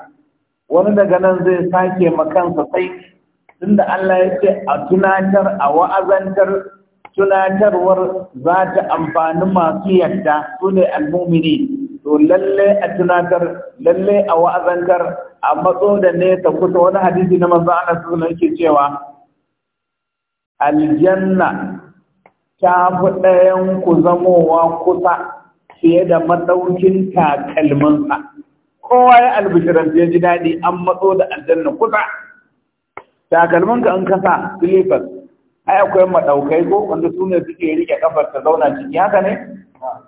wani daga nan zai sake makansa sai tunda Allah ya ce a tunatar a wa'azantar tunatarwar za ta amfani masu yadda su ne almumini to lalle a tunatar lalle a wa'azantar a matso da ne ta kusa wani hadisi na manzo nasu sallallahu yake cewa aljanna ta fi ɗayan ku zamowa kusa fiye da madaukin takalminsa kowa ya albishirar ya ji daɗi an matso da aljanna kusa takalminka in kasa filifas? ai akwai maɗaukai ko wanda su ne suke riƙe kafar ta zauna ciki haka ne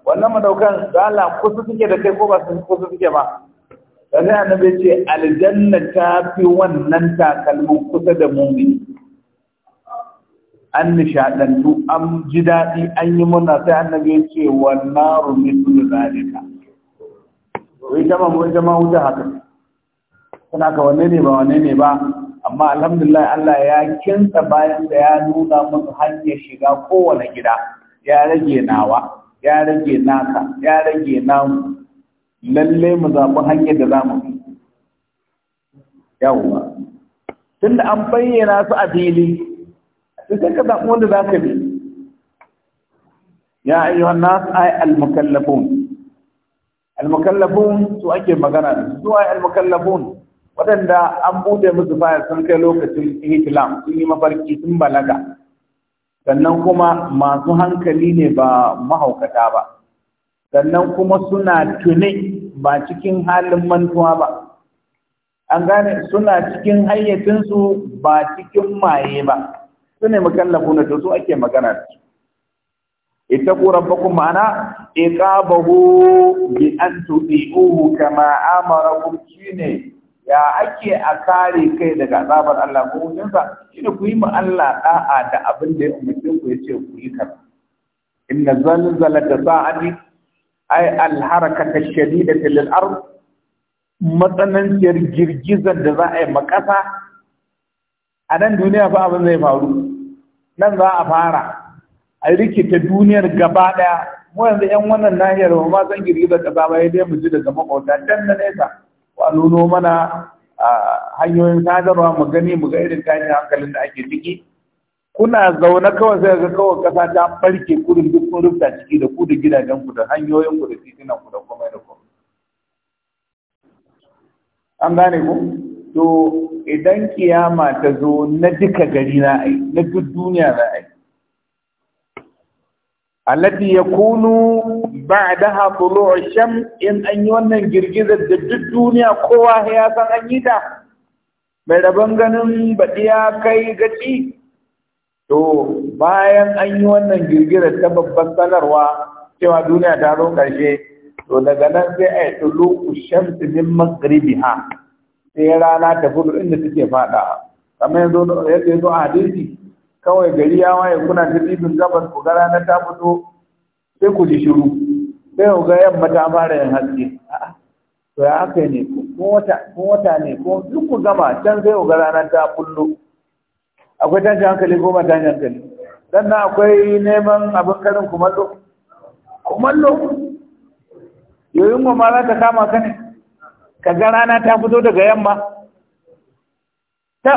wannan madaukan da Allah kusa suke da kai ko ba su kusa suke ba sai annabi ce aljanna ta fi wannan takalmin kusa da mumini an nishadantu an ji daɗi an yi murna sai annabi ce wannan rumi su da zalika wai jama mun jama wuta haka kana ka wanne ne ba wanne ne ba amma alhamdulillah Allah ya kinsa bayan da ya nuna musu hanyar shiga kowane gida ya rage nawa ya rage naka ya rage namu lalle mu zaɓi hanyar da za mu bi yawwa tun da an bayyana su a fili sai sai ka zaɓi wanda za ka bi ya ayyuhan nas ay al-mukallafun al-mukallafun su ake magana da su ay al-mukallafun waɗanda an bude musu fayar sun kai lokacin ihtilam sun yi mafarki sun balaga sannan kuma masu hankali ne ba mahaukata ba sannan kuma suna tuni ba cikin halin mantuwa ba an gane suna cikin hayyacinsu ba cikin maye ba su ne makallafu na to su ake magana da su ita ku rabbakum ma'ana iqabahu bi an uhu. kama amarakum shine Da ake a kare kai daga azabar Allah ko wucinsa shi ne ku yi ma Allah da'a da abin da ya umarce ku ya ce ku yi kaza inna zalzala da sa'ati ay al harakata da lil ard matsananciyar girgizar da za a yi makasa a nan duniya fa abin zai faru nan za a fara a rikita duniyar gaba daya mu yanzu yan wannan nahiyar ba ma san girgizar kasa ba ya dai mu ji daga makwabta can na nesa ko a nuno mana hanyoyin sadarwa mu gani mu ga irin tashin hankalin da ake ciki kuna zaune kawai sai ga kawai kasa ta barke kurin duk kun ciki da ku da gidajen ku da hanyoyin ku da titunan ku da komai da komai an gane ku to idan kiyama ta zo na duka gari na ai na duk duniya na ai التي يكون بعدها طلوع shams in an wannan girgizar da duk duniya kowa ya san an yi ta mai rabon ganin baɗi ya kai gaci to bayan an yi wannan girgizar ta babban sanarwa cewa duniya ta zo ƙarshe to daga nan sai a yi tulu'u min maghribiha sai rana ta fudu inda take fada kamar yanzu yadda yazo a hadisi kawai gari ya waye kuna ta dibin gabas ku gara na ta fito sai ku ji shiru sai ku ga yamma ta fara yin haske to ya haka ne ko wata ko wata ne ko duk ku gama can sai ku ga rana ta kullu akwai tashin hankali ko ba tashin hankali sannan akwai neman abin karin kumallo kumallo yoyin ma za ta kama ka ne ka ga rana ta fito daga yamma ta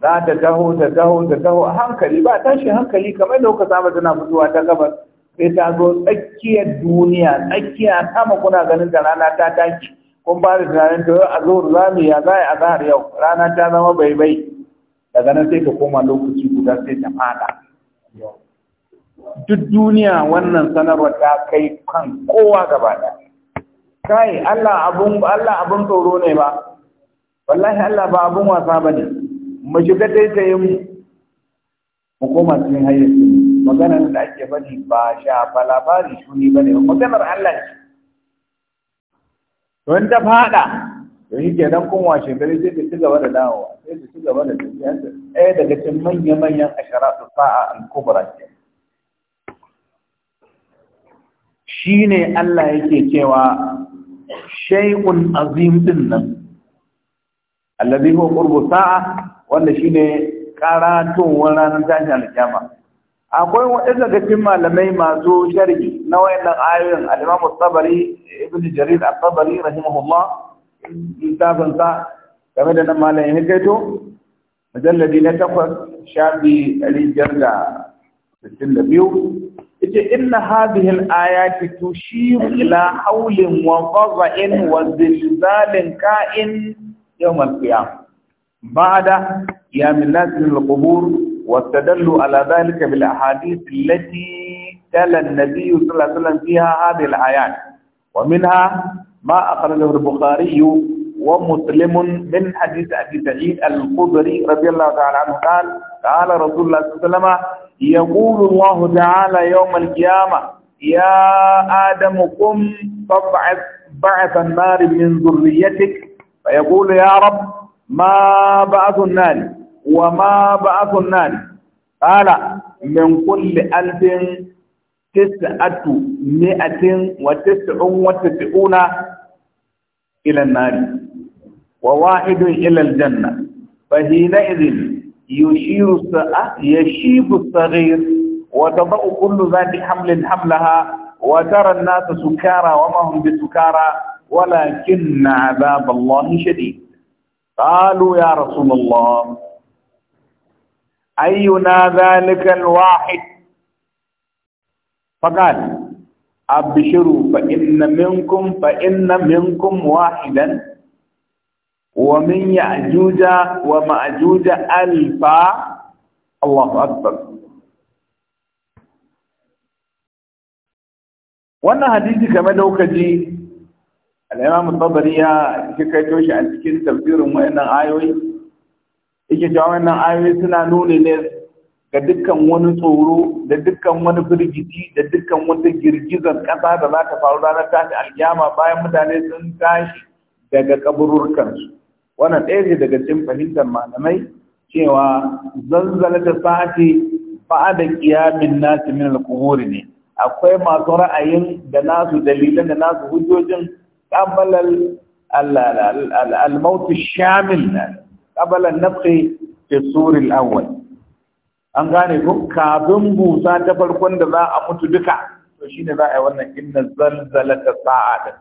za ta taho ta taho ta taho a hankali ba tashi hankali kamar da kuka saba tana fitowa ta gabas sai ta zo tsakiyar duniya tsakiya sama kuna ganin da rana ta tashi kun ba da tunanin ta a zuwa za mu ya za a zahar yau rana ta zama bai bai daga nan sai ta koma lokaci guda sai ta fada duk duniya wannan sanarwar ta kai kan kowa gaba da kai Allah abun tsoro ne ba wallahi Allah ba abun wasa ba ne. mu shiga ta mu mu koma cikin su maganar da ake bari ba sha ba labari shuni ba ne maganar Allah ce to in ta fada to shi ke nan kun washe gari sai ta ci gaba da dawowa sai ta ci gaba da tafiya ɗaya daga cikin manya-manyan asharatu fa'a al-kubra Shi ne Allah yake cewa shay'un azim din nan allazi huwa qurbu sa'a wanda shine karatowar ranar tashin alkiyama akwai waɗanda daga cikin malamai masu sharhi na wayannan ayoyin al tabari Sabari Ibn Jarir Al-Sabari rahimahullah kitabun sa game da nan malamin ya kaito na takwas shafi ɗari biyar da sittin da biyu Ita inna hadhihi al-ayati tushiru ila hawlin wa fadha'in wa zilzalin ka'in yawm qiyamah بعد قيام الناس من القبور واستدلوا على ذلك بالأحاديث التي تلا النبي صلى الله عليه وسلم فيها هذه الآيات ومنها ما أخرجه البخاري ومسلم من حديث أبي سعيد الخدري رضي الله تعالى عنه قال قال رسول الله صلى الله عليه وسلم يقول الله تعالى يوم القيامة يا آدم قم فابعث بعث النار من ذريتك فيقول يا رب ما بعث النار وما بعث النار قال من كل ألف تسعة مئة وتسع وتسعون إلى النار وواحد إلى الجنة فحينئذ يشير يشيب الصغير وتضع كل ذات حمل حملها وترى الناس سكارى وما هم بسكارى ولكن عذاب الله شديد قالوا يا رسول الله أينا ذلك الواحد فقال أبشروا فإن منكم فإن منكم واحدا ومن يأجوج ومأجوج ألفا الله أكبر وأنا حديثي كما لو kuka al'imam tabari ya kaito shi a cikin tafsirin wayannan ayoyi yake cewa wayannan ayoyi suna nuni ne ga dukkan wani tsoro da dukkan wani firgiti da dukkan wata girgizar kasa da za ta faru ranar tashi alkiyama bayan mutane sun tashi daga kabururkansu wannan ɗaya ne daga cikin fahimtar malamai cewa zanzala ta sati ba da kiyamin nasi min alkuhuri ne akwai masu ra'ayin da nasu dalilan da nasu hujjojin قبل الموت الشامل قبل النفخ في الصور الاول an gane ko kafin busa ta farkon da za a mutu duka to shine za a yi wannan inna zalzalata sa'a da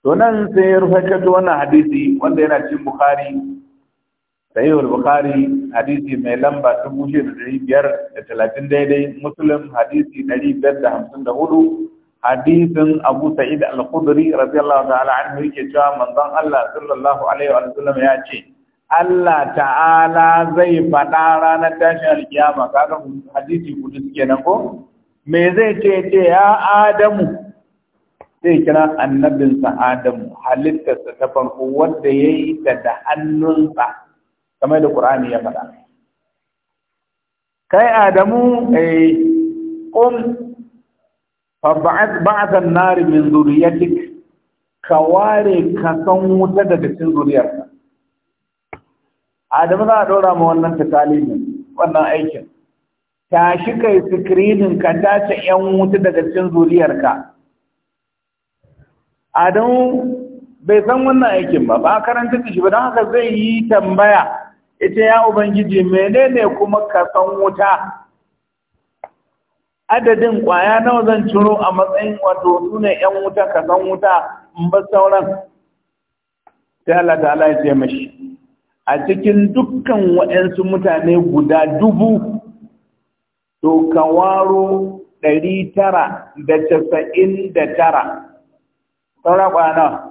to nan sai ya rufe kato wannan hadisi wanda yana cikin bukhari sahihul bukhari hadisi mai lamba talatin daidai muslim hadisi hudu. hadisin Abu Sa'id Al-Khudri radiyallahu ta'ala anhu yake cewa manzon Allah sallallahu alaihi wa sallam ya ce Allah ta'ala zai faɗa ranar tashin alkiyama kaga hadisi kudu suke nan ko me zai ce ce ya Adamu zai kira annabinsa Adamu halittarsa ta farko wanda yayi ta da hannunsa kamar da Qur'ani ya faɗa kai Adamu eh qul fabba'at ba'da an-nar min zuriyatik ka ware ka san wuta daga cikin zuriyarka Adamu za a ɗora ma wannan takalibin wannan aikin tashi kai screening ka tace yan wuta daga cikin zuriyarka Adamu bai san wannan aikin ba ba karanta shi ba don haka zai yi tambaya ita ya ubangiji menene kuma ka san wuta adadin kwaya nawa zan ciro a matsayin wato su ne ‘yan wuta ka san wuta in ba sauran sai Allah ta'ala ya ce mashi a cikin dukkan wa'ansu mutane guda dubu to ka waro ɗari tara da casa'in da tara saura nawa?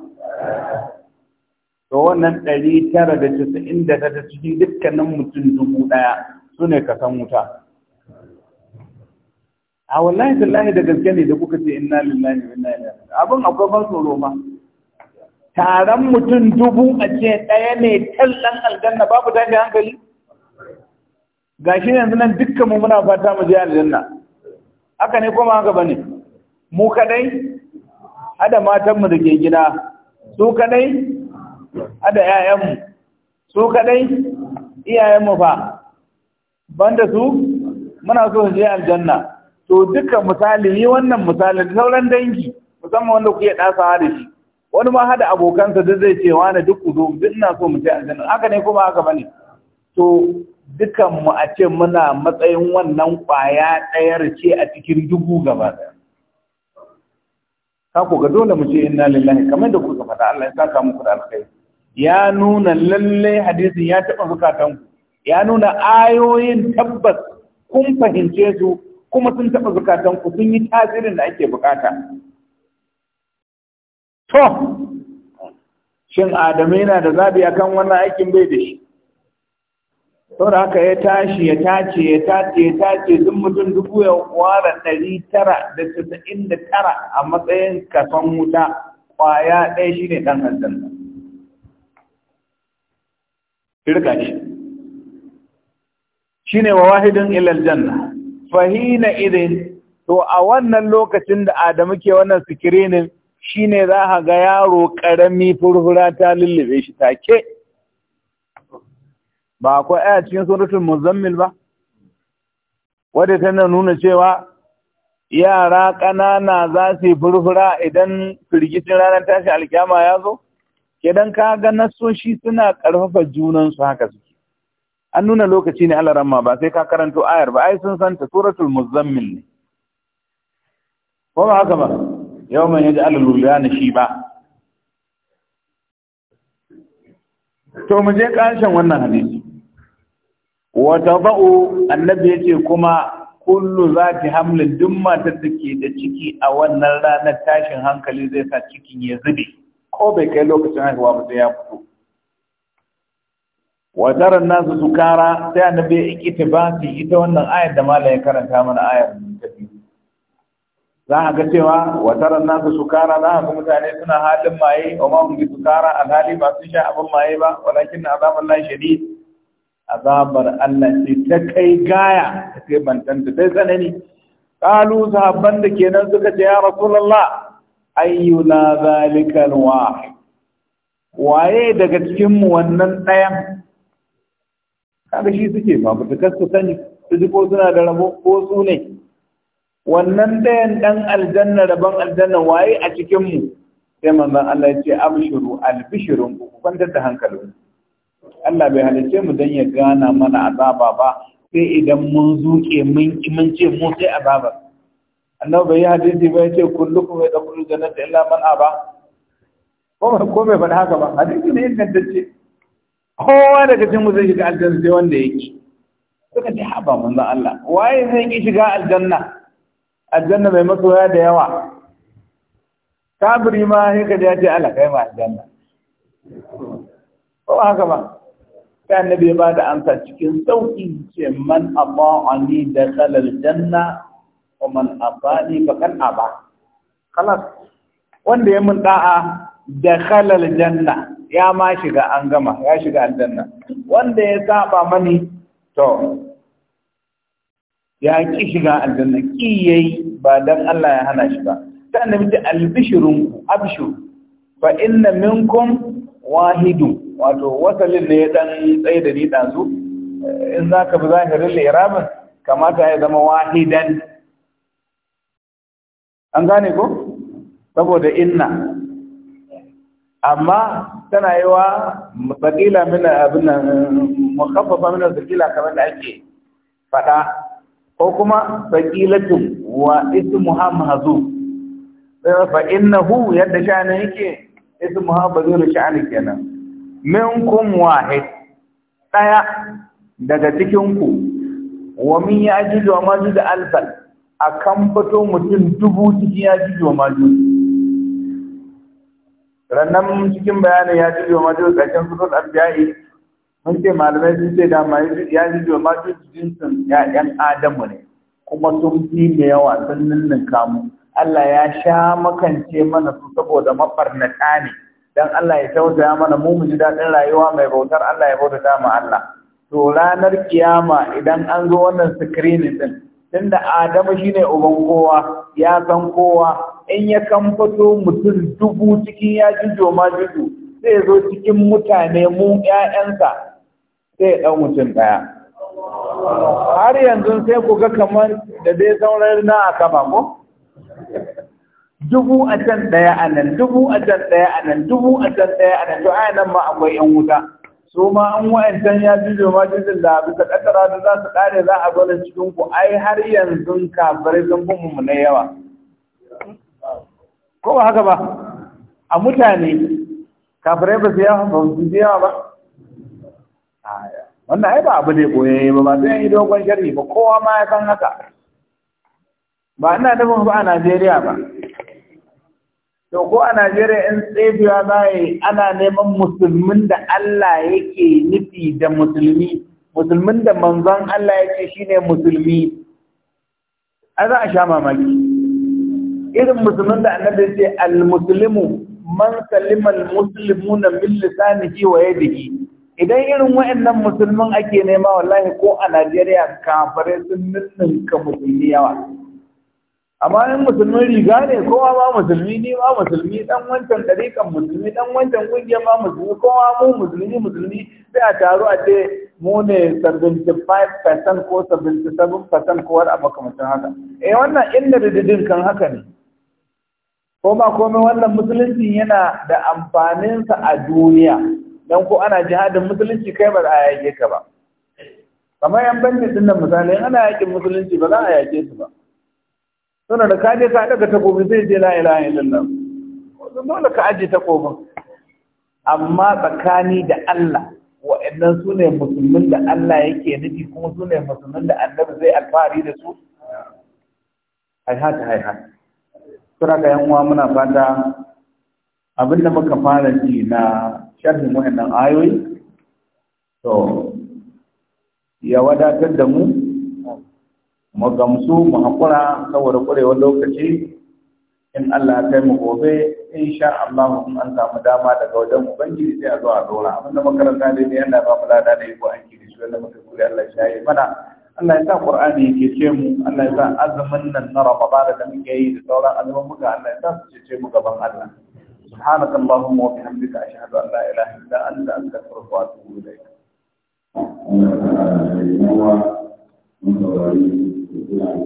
to wannan ɗari tara da casa'in da tara cikin dukkanin mutum dubu ɗaya su ne ka san wuta a wallahi tallahi da gaske ne da kuka ce inna lillahi wa inna ilaihi abin akwai ban tsoro ma taron mutum dubu a ce ɗaya ne tallan aljanna babu tashi hankali gashi yanzu nan dukkan mu muna fata mu je aljanna haka ne kuma haka bane mu kadai hada matan mu da ke gida su kadai hada ƴaƴan mu su kadai iyayen mu fa banda su muna so su je aljanna to duka misali yi wannan misali da sauran dangi musamman wanda kuke ɗasawa da shi wani ma hada abokansa duk zai ce wani duk kudu duk ina so mu ce aljanna haka ne kuma haka bane to dukan mu a ce muna matsayin wannan kwaya ɗayar ce a cikin dubu gaba ɗaya ka ga dole mu ce inna lillahi kamar da kuka faɗa Allah ya saka muku da alkhairi ya nuna lalle hadisin ya taɓa zukatanku ya nuna ayoyin tabbas kun fahimce su kuma sun taɓa zukatan ku sun yi tasirin da ake bukata to shin adamu yana da zabi akan wannan aikin bai da shi saboda haka ya tashi ya tace ya tace ya tace duk mutum dubu ya kwara ɗari tara da casa'in da tara a matsayin kason wuta ƙwaya ɗaya shi ne ɗan aljanna shirka shi. shi ne wa wahidin ilal janna fahina idin to a wannan lokacin da Adamu ke wannan sikirinin shine za a ga yaro ƙarami furfura ta lullube shi take ba akwai aya cikin suratul muzammil ba wadda tana nuna cewa yara ƙanana za su yi furfura idan firgicin ranar tashi alkyama ya zo kidan ka ga nasoshi suna ƙarfafa junansu haka su an nuna lokaci ne Allah ba sai ka karanto ayar ba ai sun santa suratul muzammil ne ko ba haka ba yau yaji yaj'al al shi ba? to mu je karshen wannan hadisi wa tadau annabi yace kuma kullu zati hamlin duk matar da ke da ciki a wannan ranar tashin hankali zai sa cikin ya zube ko bai kai lokacin haihuwa ba sai ya fito wa taran nasu sukara sai annabi ya ikitibasi ita wannan ayar da malam ya karanta mana ayar tafi za a ga cewa wa taran nasu sukara za a ga mutane suna halin maye wa ma hum bi sukara alhali ba su sha abin maye ba walakin azaban la shadid azabar Allah ce ta kai gaya ta kai bantanta dai sanani qalu sahabban da kenan suka ce ya rasulullah ayyuna zalikal wahid waye daga cikin mu wannan ɗayan kaga shi suke fafutukar kasu sani su ji ko suna da rabo ko su ne wannan ɗayan ɗan aljanna rabon aljanna waye a cikin mu sai manzon Allah ya ce abshuru albishirun ku kwantar da hankalin Allah bai halice mu dan ya gana mana azaba ba sai idan mun zuke mun mun ce mu sai azaba Allah bai hadisi bai ce kullukum yadkhulu jannata illa man aba ko bai fa haka ba hadisi ne ce. kowa daga cikin mu zai shiga aljanna sai wanda yake suka ce ba manzon Allah waye zai yi shiga aljanna aljanna mai masoya da yawa kabri ma sai ka ya ce Allah kai ma aljanna ko haka ba sai annabi ya bada amsa cikin sauki ce man ata'ani dakhala aljanna wa man fa kan aba Kalas. wanda ya mun da'a da halal janna ya ma shiga an gama ya shiga aljanna wanda ya saba mani to ya ki shiga aljanna ki yayi ba dan Allah ya hana shi ba ta annabi ta albishirun abshir fa inna minkum wahidu wato wasalin ne ya dan tsaye da ni dazu eh, in zaka bi zahirin lirabin kamata ya zama wahidan an gane ko saboda inna amma tana yi wa matsakila mina abin nan makaffafa mina zikila kamar da ake faɗa ko kuma tsakilatun wa ismu ha hazu fa innahu yadda sha'anin yake ismu muhammadu da sha'anin kenan minkum wahid daya daga cikinku. ku wa min yajuj wa da alfal akan fito mutum dubu cikin yaji wa rannan cikin bayanin ya ji ma majalis ƙarshen surat al mun ce malamai sun ce dama ya ji ma majalis jinsin ya'yan adamu ne kuma sun fi da yawa sun ninninka mu Allah ya sha makance mana su saboda mabarnata ne dan Allah ya tausaya mana mu mu ji daɗin rayuwa mai bautar Allah ya bauta dama Allah to ranar kiyama idan an zo wannan sikirinin din tunda Adamu shine uban kowa ya san kowa in ya kamfato mutum dubu cikin ya jijo ma jijo zai zo cikin mutane mu ‘ya'yansa sai ɗan mutum ɗaya. Har yanzu sai ku ga kamar da dai sauran na a kama ko? Dubu a can ɗaya a nan, dubu a can ɗaya a nan, dubu a can ɗaya a nan, to a nan ma akwai ‘yan wuta. Su ma an wa'ancan ya ji ma jijin da bisa ƙasara da za su ƙare za a gwada cikin ku ai har yanzu kafirai sun fi mu na yawa. ko ba haka ba a mutane kafirai ba su yawa ba su yawa ba wannan ai ba abu ne boye ba ba sai yi dogon sharhi ba kowa ma ya san haka ba ina nufin ba a Najeriya ba to ko a Najeriya in tsefiwa za yi ana neman musulmin da Allah yake nufi da musulmi musulmin da manzon Allah yake shine musulmi a za a sha mamaki irin musulmin da annabi ce al-muslimu man salima al-muslimuna min lisanihi wa yadihi idan irin wa'annan musulmin ake nema wallahi ko a Najeriya kafare sun ka musulmi yawa amma in musulmin riga ne kowa ma musulmi ni ma musulmi dan wancan dariƙan musulmi dan wancan ƙungiyar ma musulmi kowa mu musulmi musulmi sai a taru a ce mu ne 75% ko 77% ko wani abu kamar haka eh wannan inda dididin kan haka ne ko ba komai wannan musulunci yana da amfaninsa a duniya don ko ana jihadin musulunci kai ba za a yake ka ba kamar yan banne din nan misali ana yakin musulunci ba za a yake su ba suna da kaje ka daga takobi zai je la ilaha illallah dole ka aje takobin amma tsakani da Allah wa'annan su ne musulmin da Allah yake nufi kuma su ne musulmin da annabi zai alfahari da su haihata haihata sura ga yan muna fata abin da muka fara ji na sharhin wayannan ayoyi to ya wadatar da mu mu gamsu mu haƙura saboda ƙurewar lokaci in Allah ya kai mu gobe sha Allah mu an samu dama daga wajen ubangiji sai a zo a dora abinda makaranta dai ne yana ba mu lada da ko an kiri shi wanda muka kuri Allah ya yi mana Allah ya sa Qur'ani ya ce mu Allah ya sa azumin nan na Ramadan da muke yi da sauran azumin muka Allah ya sa su ce mu gaban Allah suhana allahumma wa bihamdika ashhadu an la ilaha illa anta astaghfiruka wa Allah ya yi